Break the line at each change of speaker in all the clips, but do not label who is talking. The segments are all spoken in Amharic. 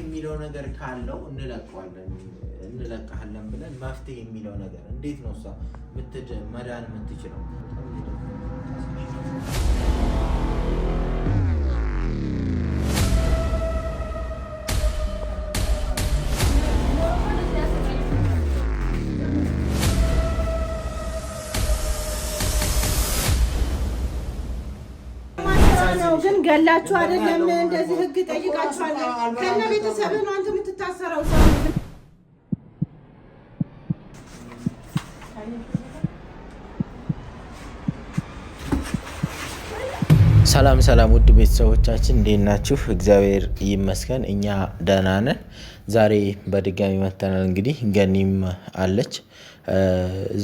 የሚለው ነገር ካለው እንለቀዋለን እንለቀሃለን ብለን መፍትሄ የሚለው ነገር እንዴት ነው እሷ መዳን የምትችለው? ገላችሁ አይደለም እንደዚህ ህግ ከነ ቤተሰብህ ነው አንተ የምትታሰረው። ሰላም ሰላም፣ ውድ ቤተሰቦቻችን እንዴት ናችሁ? እግዚአብሔር ይመስገን እኛ ደህና ነን። ዛሬ በድጋሚ መተናል። እንግዲህ ገኒም አለች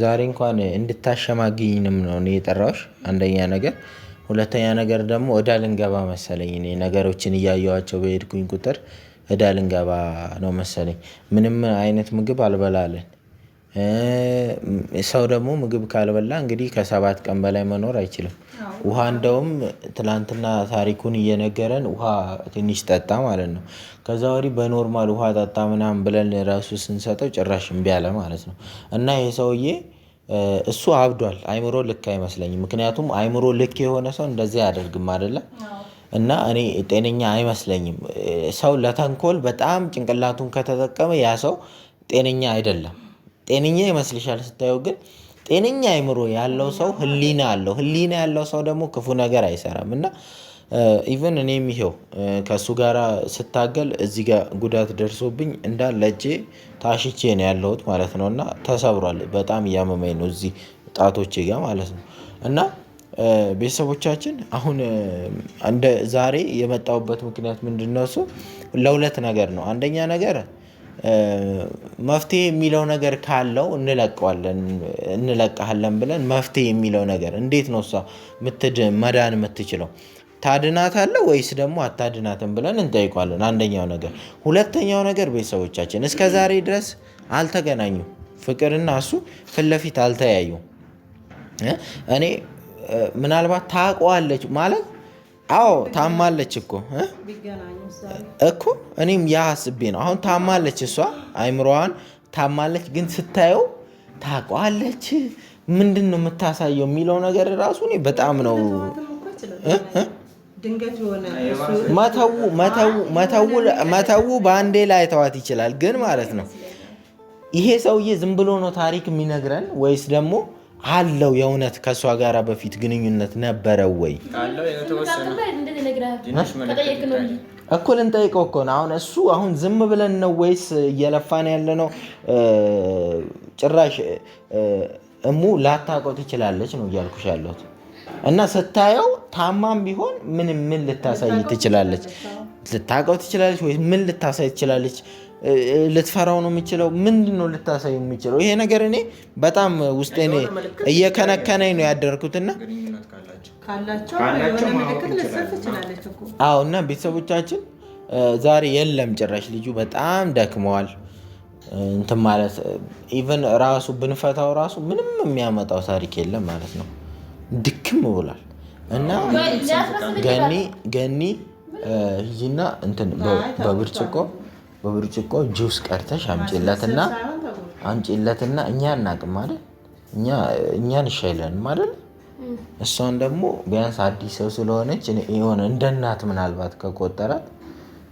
ዛሬ እንኳን እንድታሸማግኝንም ነው እኔ የጠራሁሽ አንደኛ ነገር ሁለተኛ ነገር ደግሞ እዳ ልንገባ መሰለኝ እኔ ነገሮችን እያየዋቸው በሄድኩኝ ቁጥር እዳ ልንገባ ነው መሰለኝ ምንም አይነት ምግብ አልበላለን። ሰው ደግሞ ምግብ ካልበላ እንግዲህ ከሰባት ቀን በላይ መኖር አይችልም። ውሃ እንደውም ትላንትና ታሪኩን እየነገረን ውሃ ትንሽ ጠጣ ማለት ነው። ከዛ ወዲህ በኖርማል ውሃ ጠጣ ምናምን ብለን ራሱ ስንሰጠው ጭራሽ እምቢ አለ ማለት ነው። እና ይሄ ሰውዬ እሱ አብዷል። አይምሮ ልክ አይመስለኝም። ምክንያቱም አይምሮ ልክ የሆነ ሰው እንደዚህ አያደርግም አይደለም። እና እኔ ጤነኛ አይመስለኝም። ሰው ለተንኮል በጣም ጭንቅላቱን ከተጠቀመ ያ ሰው ጤነኛ አይደለም። ጤነኛ ይመስልሻል ስታየው፣ ግን ጤነኛ አይምሮ ያለው ሰው ህሊና አለው። ህሊና ያለው ሰው ደግሞ ክፉ ነገር አይሰራም እና ኢቨን እኔም ይሄው ከእሱ ጋራ ስታገል እዚህ ጋር ጉዳት ደርሶብኝ እንዳለ እጄ ታሽቼ ነው ያለሁት ማለት ነው። እና ተሰብሯል በጣም እያመመኝ ነው እዚህ ጣቶቼ ጋር ማለት ነው። እና ቤተሰቦቻችን አሁን እንደ ዛሬ የመጣሁበት ምክንያት ምንድነው? እሱ ለሁለት ነገር ነው አንደኛ ነገር መፍትሄ የሚለው ነገር ካለው እንለቀዋለን እንለቀሃለን ብለን መፍትሄ የሚለው ነገር እንዴት ነው እሷ መዳን የምትችለው ታድናታለህ ወይስ ደግሞ አታድናትም ብለን እንጠይቋለን። አንደኛው ነገር። ሁለተኛው ነገር ቤተሰቦቻችን እስከ ዛሬ ድረስ አልተገናኙ ፍቅርና እሱ ፊት ለፊት አልተያዩም። እኔ ምናልባት ታውቀዋለች ማለት አዎ ታማለች እኮ እኮ እኔም ያ አስቤ ነው። አሁን ታማለች፣ እሷ አይምሮዋን ታማለች። ግን ስታየው ታውቀዋለች። ምንድን ነው የምታሳየው የሚለው ነገር ራሱ እኔ በጣም ነው ድንገት የሆነ መተው መተው መተው በአንዴ ላይ ተዋት ይችላል ግን ማለት ነው ይሄ ሰውዬ ዝም ብሎ ነው ታሪክ የሚነግረን ወይስ ደግሞ አለው የእውነት ከእሷ ጋር በፊት ግንኙነት ነበረው ወይ እኩል እንጠይቀው እኮ ነው አሁን እሱ አሁን ዝም ብለን ነው ወይስ እየለፋን ያለ ነው ጭራሽ እሙ ላታውቀው ትችላለች ነው እያልኩሽ ያለሁት እና ስታየው ታማም ቢሆን ምን ምን ልታሳይ ትችላለች? ልታውቀው ትችላለች ወይ? ምን ልታሳይ ትችላለች? ልትፈራው ነው የምችለው? ምንድን ነው ልታሳይ የምችለው? ይሄ ነገር እኔ በጣም ውስጤ እየከነከነኝ ነው ያደርኩትና አዎ። እና ቤተሰቦቻችን ዛሬ የለም ጭራሽ ልጁ በጣም ደክመዋል። እንትን ማለት ኢቨን ራሱ ብንፈታው ራሱ ምንም የሚያመጣው ታሪክ የለም ማለት ነው። ድክም ብሏል እና ገኒ ገኒ እንትን በብርጭቆ በብርጭቆ ጁስ ቀርተሽ አምጪለትና አምጪለትና እኛ እናቅም አይደል እኛ እኛን ይሻይለን አይደል እሷን ደግሞ ቢያንስ አዲስ ሰው ስለሆነች የሆነ እንደ እናት ምናልባት ከቆጠራት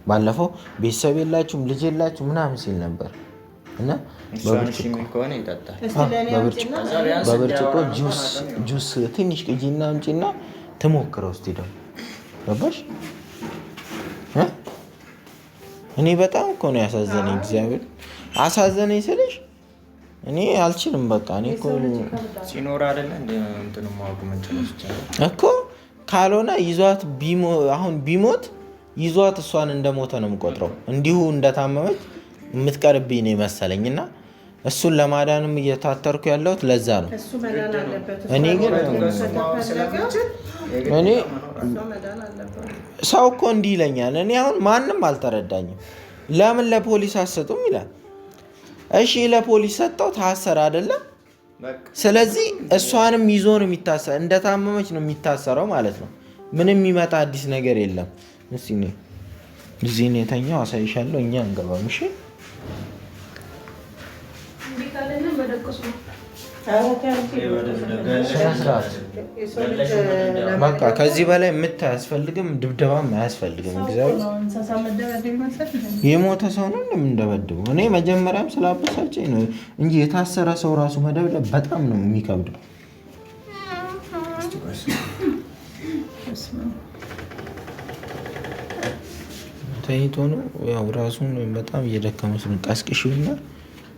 ባለፈው ቤተሰብ የላችሁም ልጅ የላችሁ ምናምን ሲል ነበር እና በብርጭቆ ጁስ ትንሽ ቅጂና አምጪና ትሞክረው እስቲ ደግሞ ገባሽ? እኔ በጣም እኮ ነው ያሳዘነኝ። እግዚአብሔር አሳዘነኝ ስልሽ እኔ አልችልም። በቃ እኔ ሲኖር አይደለ እኮ ካልሆነ ይዟት አሁን ቢሞት ይዟት እሷን እንደሞተ ነው የምቆጥረው እንዲሁ እንደታመመች የምትቀርብኝ ነው ይመሰለኝ እና እሱን ለማዳንም እየታተርኩ ያለሁት ለዛ ነው። እኔ ግን እኔ ሰው እኮ እንዲህ ይለኛል። እኔ አሁን ማንም አልተረዳኝም። ለምን ለፖሊስ አሰጡም ይላል። እሺ ለፖሊስ ሰጠው ታሰር አይደለም። ስለዚህ እሷንም ይዞ ነው የሚታሰር፣ እንደታመመች ነው የሚታሰረው ማለት ነው። ምንም የሚመጣ አዲስ ነገር የለም። እዚህ ነው የተኛው፣ አሳይሻለሁ። እኛ እንገባም። እሺ በቃ ከዚህ በላይ ምት አያስፈልግም፣ ድብደባም አያስፈልግም። የሞተ ሰው ነው እንደምንደበድበው። እኔ መጀመሪያም ስላበሳጨኝ ነው እንጂ የታሰረ ሰው ራሱ መደብደብ በጣም ነው የሚከብደው። ተኝቶ ነው ያው ራሱን በጣም እየደከመ ቀስቅሽና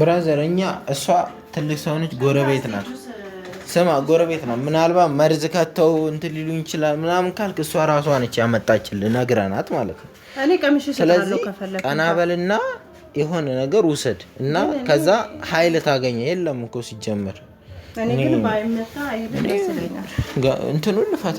ብራዘር እኛ እሷ ትልቅ ሰውነች፣ ጎረቤት ናት። ስማ ጎረቤት ናት። ምናልባት መርዝ ከተው እንትን ሊሉኝ ይችላል ምናምን ካልክ እሷ ራሷ ነች ያመጣችል ነግረናት ማለት ነው። ስለዚህ ቀና በልና የሆነ ነገር ውሰድ እና ከዛ ኃይል ታገኘ። የለም እኮ ሲጀመር እንትኑን ልፈታ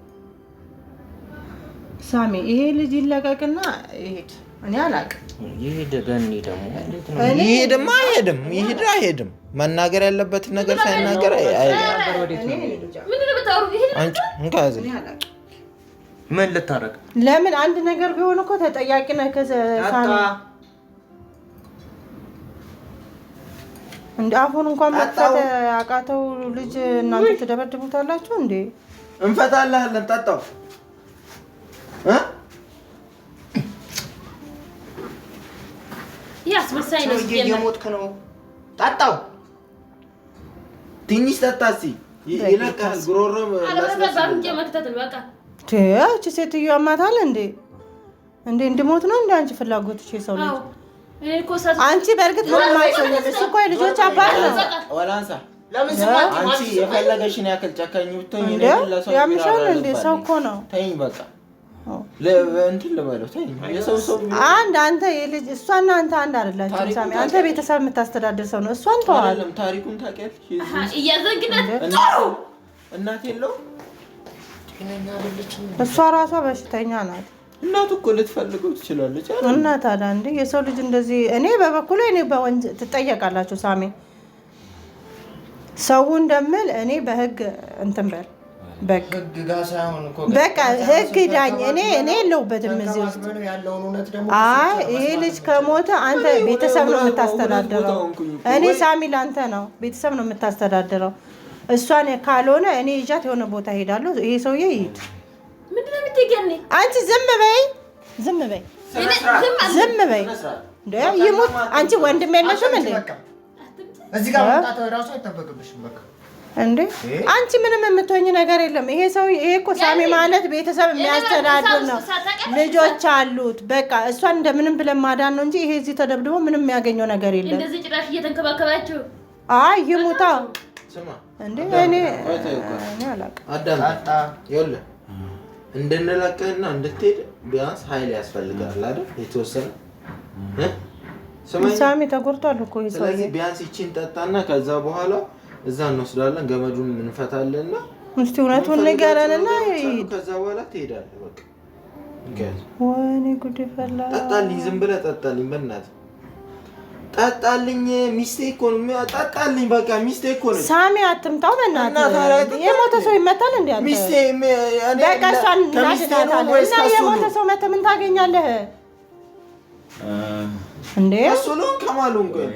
ሳሚ ይሄ ልጅ ይለቀቅና ይሄድ። እኔ አላውቅም።
ይሄድ በእኔ ደግሞ ይሄድማ አይሄድም። ይሄድ አይሄድም። መናገር ያለበትን ነገር ሳይናገር ምን ልታረቅ?
ለምን አንድ ነገር ቢሆን እኮ ተጠያቂ ነህ ከሳሚ። እንደ አሁን እንኳን መጣ አቃተው ልጅ እናንተ ትደበድቡታላችሁ እንዴ?
እንፈታልሃለን ጠጣው
እየሞትክ
ነው። ጠጣው ትንሽ ጠጣ። ይለቃል። ጉሮሮ
መክተትን ሴትዮ አማታል እንዴ? እንዴ እንድሞት ነው እንደ አንቺ ፍላጎትሽ የሰው ልጅ አንቺ በእርግጥ ምንም አይሰኝም። እሱ እኮ የልጆች አባት ነው።
አንቺ የፈለገሽን ያክል ጨካኝ ብትሆኝ ያምሻል
እንዴ? ሰው እኮ ነው።
ተይኝ በቃ እንትን
አንድ አንተ የልጅ እሷና አንተ አንድ ሳሚ አንተ ቤተሰብ የምታስተዳድር ሰው ነው። እሷን ተዋል። ታሪኩን ታውቂያለሽ። እሷ ራሷ በሽተኛ ናት።
እናት እኮ ልትፈልገው ትችላለች።
እንደ የሰው ልጅ እንደዚህ እኔ በበኩሌ እኔ ትጠየቃላችሁ። ሳሚ ሰው እንደምል እኔ በህግ እንትን በል በቃ ህግ ዳኝ። እኔ እኔ የለሁበትም እዚህ ውስጥ። አይ ይሄ ልጅ ከሞተ አንተ ቤተሰብ ነው የምታስተዳድረው። እኔ ሳሚ ለአንተ ነው ቤተሰብ ነው የምታስተዳድረው። እሷን ካልሆነ እኔ ይዣት የሆነ ቦታ ሄዳለሁ። ይሄ ሰውዬ ይሄድ። አንቺ ዝም በይ፣ ዝም በይ፣ ዝም በይ። ይሙት አንቺ ወንድም የለሽም እንዴ?
እዚህ ጋር መውጣት ራሱ አይጠበቅብሽም በቃ
እንዴ አንቺ ምንም የምትሆኝ ነገር የለም። ይሄ ሰው ይሄ እኮ ሳሚ ማለት ቤተሰብ የሚያስተዳድር ነው፣ ልጆች አሉት። በቃ እሷን እንደምንም ብለን ማዳን ነው እንጂ ይሄ እዚህ ተደብድቦ ምንም የሚያገኘው ነገር የለም። እንደዚህ ጭራሽ እየተንከባከባችሁ አይ ይሙታ እንዴ እኔ
እኔ እንድንለቅህና እንድትሄድ ቢያንስ ኃይል ያስፈልጋል አይደል? የተወሰነ
ሳሚ ተጎድቷል እኮ ይሄ ሰው። ስለዚህ
ቢያንስ ይቺን ጠጣና ከዛ በኋላ እዛ እንወስዳለን፣ ገመዱን እንፈታለን እና
እስቲ እውነቱን ንገረን እና
ከዛ በኋላ ትሄዳለህ።
በቃ ወይኔ ጉድ ፈላ።
ጠጣልኝ፣ ዝም ብለህ ጠጣልኝ፣ በእናትህ ጠጣልኝ። ሚስቴ እኮ ነው፣ ጠጣልኝ። በቃ ሚስቴ እኮ ነው።
ሳሚ አትምታው፣ በእናትህ የሞተ ሰው ይመታል። እንዲ ሚስቴ በቃ እሷን እናድናታለና የሞተ ሰው መተህ ምን ታገኛለህ እንዴ? እሱ ነው ከማሉን ቆይ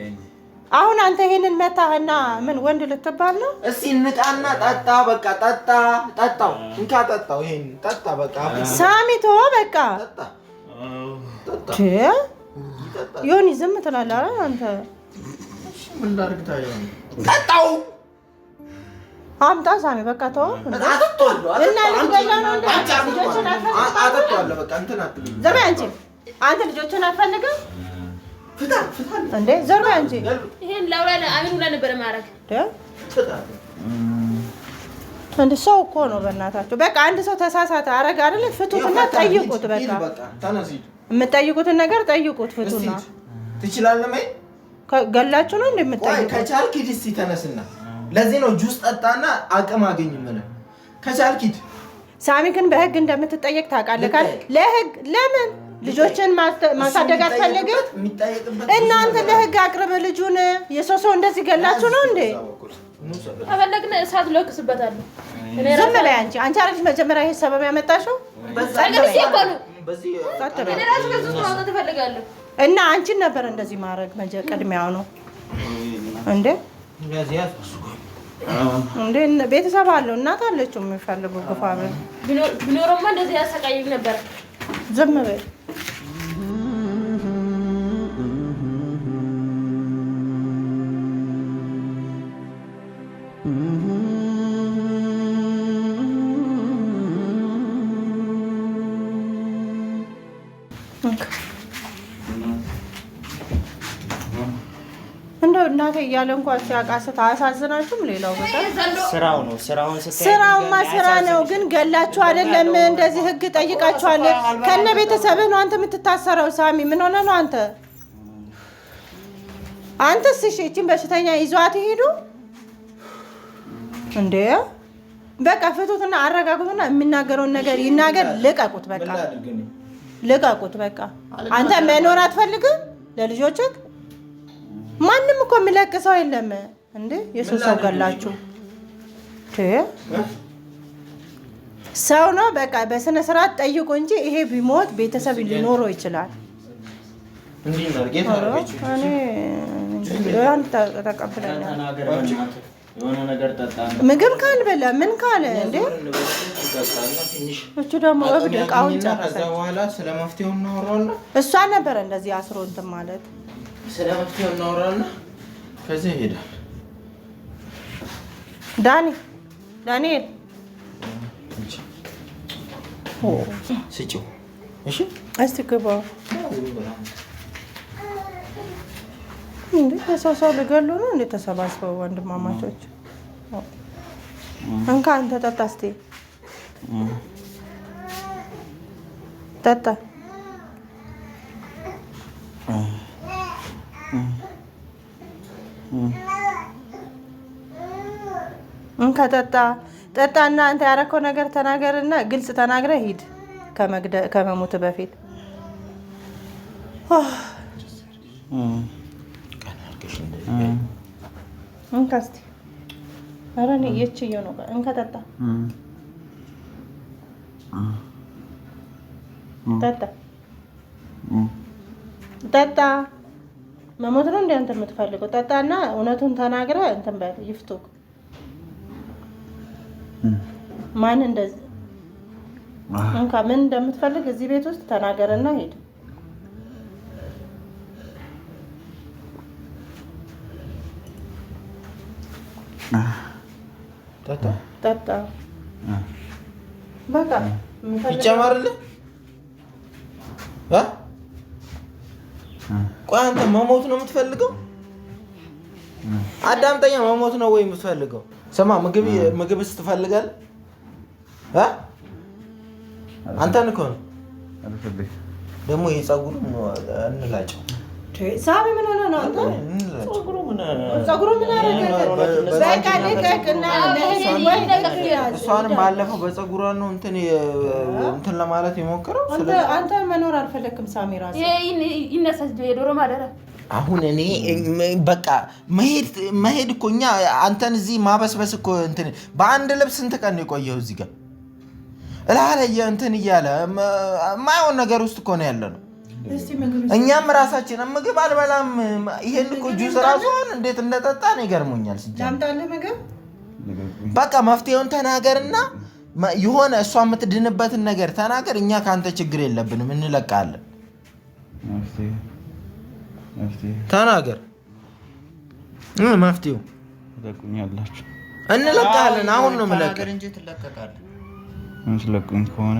አሁን አንተ ይሄንን መታህና ምን ወንድ ልትባል ነው?
እስቲ እንጣና ጠጣ፣ በቃ ጠጣ፣ ጠጣው፣ እንካ ጠጣው፣ ይሄን ጠጣ፣ በቃ
ሳሚቶ፣ በቃ ዮኒ፣ ዝም ትላለህ አንተ።
ምን ላድርግ ታዲያ? ጠጣው፣
አምጣ፣ ሳሚ፣ በቃ ተው።
እና ልትገዛ ነው እንትን አንቺ ልጆችን
አንቺ አንተ ልጆችን አትፈልግም? እንዴ ዘርባ እንጂ
ይሄን ነበረ ማድረግ
እንደ ሰው እኮ ነው። በእናታቸው በቃ አንድ ሰው ተሳሳተ አረግ አይደል? ፍቱትና ጠይቁት። በቃ የምጠይቁትን ነገር ጠይቁት። ፍቱና
ትችላለህ ገላችሁ ነው እንደምጠይቁት ከቻልክ ሂድ እስኪ ተነስና፣ ለዚህ ነው ጁስ ጠጣና አቅም አገኝ ምን ከቻልክ ሂድ።
ሳሚ ግን በህግ እንደምትጠየቅ ታውቃለህ። ለህግ ለምን ልጆችን ማሳደግ አትፈልግም? እናንተ ለህግ አቅርብ ልጁን። የሰው ሰው እንደዚህ ገላችሁ ነው እንዴ?
ከፈለግን እሳት ለቅስበታለሁ።
ዝም በላይ አንቺ አንቺ አረች መጀመሪያ ይሄ ሰበብ ያመጣሽው እና አንቺን ነበር እንደዚህ ማድረግ ቅድሚያው ነው እንዴ? እንዴ ቤተሰብ አለው እናት አለችው የሚፈልጉ ግፋ
ቢኖረማ እንደዚህ ያሰቃይም ነበር።
ዝም በል እንደው እናቴ እያለ እንኳን ሲያቃስት አያሳዝናችሁም? ሌላው ስራው ነው። ስራውማ ስራ ነው። ግን ገላችሁ አይደለም እንደዚህ ህግ ጠይቃችኋል። ከነ ቤተሰብህ ነው አንተ የምትታሰረው። ሳሚ ምን ሆነ ነው አንተ አንተ ስሽ በሽተኛ ይዟት ይሄዱ እንዴ? በቃ ፍቱትና አረጋጉትና የሚናገረውን ነገር ይናገር። ልቀቁት በቃ ልቀቁት። በቃ አንተ መኖር አትፈልግም ለልጆችህ። ማንም እኮ የሚለቅ ሰው የለም እንዴ! የሰው ሰው ገላችሁ ሰው ነው። በቃ በስነ ስርዓት ጠይቁ እንጂ ይሄ ቢሞት ቤተሰብ ሊኖረው ይችላል። ተቀብለናል። ምግብ ካልበላ ምን ካለ እንዴ
እሱ ደግሞ እብድ እቃውን ጨረሰ። በኋላ ስለ መፍትሄው እናወራዋለን።
እሷ ነበረ እንደዚህ አስሮ እንትን ማለት
ስለ መፍትሄው እናወራዋለን። ከዚያ ይሄዳል።
ዳኒ ዳንኤል
ስጭው። እሺ
እስቲ ግባ። እንዴ የሰው ሰው ልገሉ ነው እንዴ? ተሰባስበው ወንድማማቾች። እንካ አንተ ጠጣ እስቲ ጠጣ እንካ ጠጣ እና አንተ ያረከው ነገር ተናገር እና ግልጽ ተናግረ ሂድ ከመሞት በፊት እንካ እስኪ ኧረ የችየው ነው እንካ ጠጣ ጠጣ mm. ጠጣ። mm. መሞት ነው እንደ አንተ የምትፈልገው? ጠጣና እውነቱን ተናግረ እንትን በል ይፍቱ። mm. ማን እንደዚህ ah. እንካ ምን እንደምትፈልግ እዚህ ቤት ውስጥ ተናገረና ሄድ። ጠጣ ጠጣ። በቃ
ይጨመርልህ ቆይ አንተ መሞት ነው የምትፈልገው? አዳምጠኛ መሞት ነው ወይ የምትፈልገው? ስማ ምግብስ ትፈልጋል አንተን እኮ ነው ደግሞ የጸጉሩ እንላጨው።
ሳሚ ምን ሆነ ነው? ምን ጸጉሩ ምን
እሷንም ባለፈው በጸጉሯ ነው እንትን እንትን ለማለት የሞከረው።
አንተ መኖር አልፈለክም ሳሚራ
ይነሳስ የዶሮ ማደረ
አሁን እኔ በቃ መሄድ እኮ እኛ አንተን እዚህ ማበስበስ እኮ እንትን በአንድ ልብስ ስንት ቀን የቆየው እዚህ ጋር እላለ እንትን እያለ ማየውን ነገር ውስጥ እኮ ነው ያለ ነው እኛም ራሳችን ምግብ አልበላም። ይሄን እኮ ጁስ ራሱን እንዴት እንደጠጣ እንደጠጣን ይገርሞኛል። በቃ መፍትሄውን ተናገርና የሆነ እሷ የምትድንበትን ነገር ተናገር። እኛ ከአንተ ችግር የለብንም፣ እንለቃለን። ተናገር መፍትሄው እንለቃለን። አሁን ነው የምለቀው። ትለቀቃለህ ከሆነ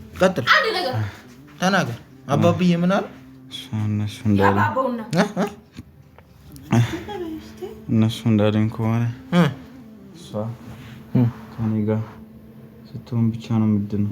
ቀጥል፣ ተናገር። አባብዬ ምን አለ?
እነሱ እንዳለኝ ከሆነ እሷ ከኔ ጋር ስትሆን ብቻ ነው ምንድን ነው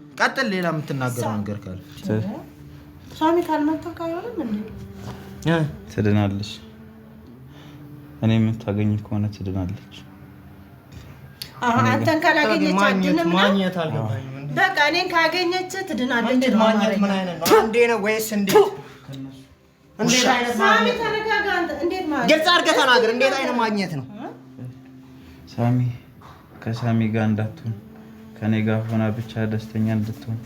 ቀጥል። ሌላ የምትናገረው ነገር ካለ
ሳሚ ካልመጣ
ትድናለች። እኔ የምታገኝ ከሆነ ትድናለች።
አንተን ካላገኘች በቃ እኔን ካገኘች ትድናለች።
ነው? እንዴ ነው ወይስ እንዴ? እንዴት አይነት ግልጽ አድርገህ ተናገር። እንዴት አይነት ማግኘት ነው?
ሳሚ ከሳሚ ጋር እንዳትሆን ከኔ ጋር ሆና ብቻ ደስተኛ እንድትሆን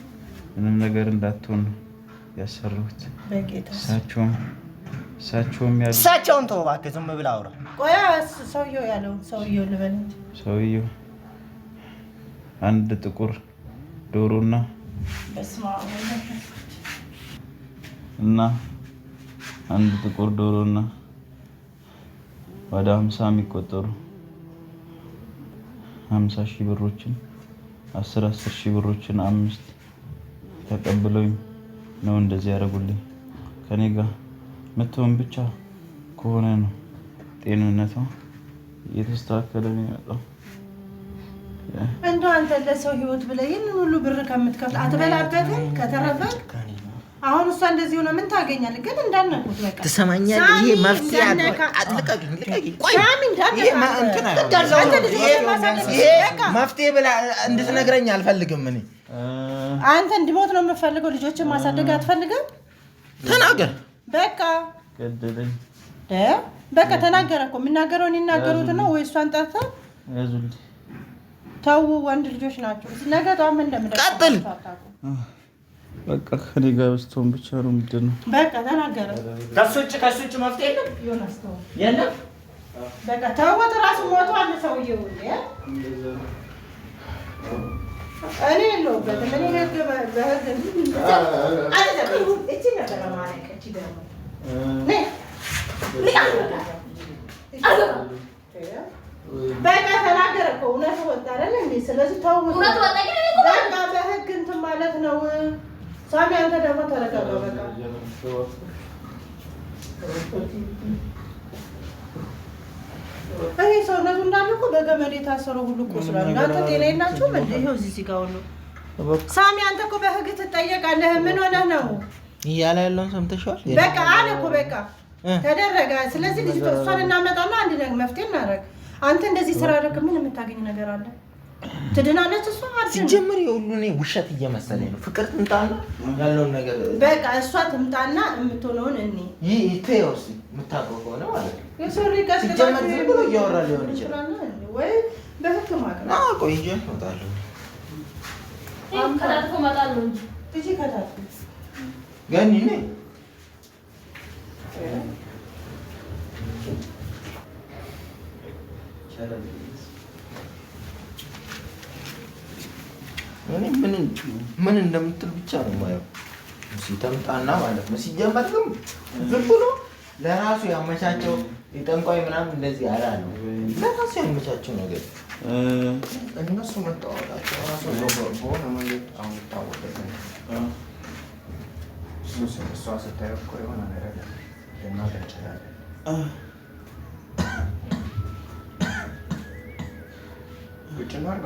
ምንም ነገር እንዳትሆን ያሰሩት። እሳቸውም እሳቸውም ያሉት
እሳቸውን ተው እባክህ፣ ዝም ብለህ አውራ።
ቆያ ሰውየው ያለውን ሰውየው ልበል።
ሰውየው አንድ ጥቁር ዶሮና እና አንድ ጥቁር ዶሮና ወደ ሀምሳ የሚቆጠሩ ሀምሳ ሺህ ብሮችን አስር አስር ሺህ ብሮችን አምስት ተቀብለውኝ ነው እንደዚህ ያደረጉልኝ። ከኔ ጋር መተውን ብቻ ከሆነ ነው ጤንነቷ እየተስተካከለ ነው የመጣው።
እንደው አንተ ለሰው ህይወት ብለህ ይህንን ሁሉ ብር ከምትከፍል አትበላበትም ከተረፈ አሁን እሷ እንደዚህ ሆነ ምን ታገኛለህ? ግን እንዳነቁት በቃ
ትሰማኛለህ። ይሄ መፍትሄ አጥልቀኝ
ልቀኝ። ቆይ ይሄ
መፍትሄ ብላ እንድትነግረኝ አልፈልግም። እኔ
አንተ እንድሞት ነው የምፈልገው። ልጆችን ማሳደግ አትፈልግም? ተናገር በቃ በቃ ተናገረ እኮ የምናገረውን ይናገሩት ነው ወይ እሷን ጠርተህ ተው። ወንድ ልጆች ናቸው። ነገ ጠዋት ምን እንደምደርስ
ቀጥል
በቃ ከኔ ጋር ብስትሆን ብቻ ነው። ምንድን ነው
በቃ ተናገረ።
ከሱ ውጭ ከሱ ውጭ መፍትሄ የለም የለም።
በቃ ተወት። ሰውዬው። እኔ የለሁበትም። እኔ በቃ ተናገረ እኮ እውነት ወጣ አይደል? ስለዚህ ተው፣ በህግ እንትን ማለት ነው ሳሚ አንተ ደግሞ ተረጋጋ። በቃ ይሄ ሰውነቱ እንዳለ እኮ በገመድ የታሰረ ሁሉ እኮ ስላለ እናንተ ጤና የላችሁም። ይኸው እዚህ እዚህ ጋር ሳሚ አንተ እኮ በህግ ትጠየቃለህ። ምን ሆነህ ነው
እያለ ያለውን ሰምተሻል?
በቃ አለ እኮ በቃ ተደረገ። ስለዚህ ልጅቷ እሷን እናመጣና አንድ ነገር መፍትሄ እናደርግ። አንተ እንደዚህ ስራ አደረግ ምን የምታገኝ ነገር አለ? ትድናለች እሷ
ሲጀምር የሁሉ እኔ ውሸት እየመሰለኝ ነው። ፍቅር ትምጣና ያለውን ነገር
በቃ እሷ ትምጣና የምትሆነውን እኔ
ይህ ቴዎስ የምታውቀው ከሆነ ማለት ነው። ዝም ብሎ እያወራ ሊሆን ይችላል ወይ ቆይ እመጣለሁ ገኒ እኔ ሸረ ምን እንደምትል ብቻ ነው የማየው። ሲተምጣና ማለት ነው። ሲጀመር ግን ዝም ብሎ ለራሱ ያመቻቸው የጠንቋይ ምናምን እንደዚህ አላ ነው። ለራሱ ያመቻቸው ነገር እነሱ መታወቃቸው ራሱ በሆነ መንገድ አሁን ይታወቀት እሷ ስታየው እኮ የሆነ ነገር ልናገ እንችላለን። ግጭ ነው አርገ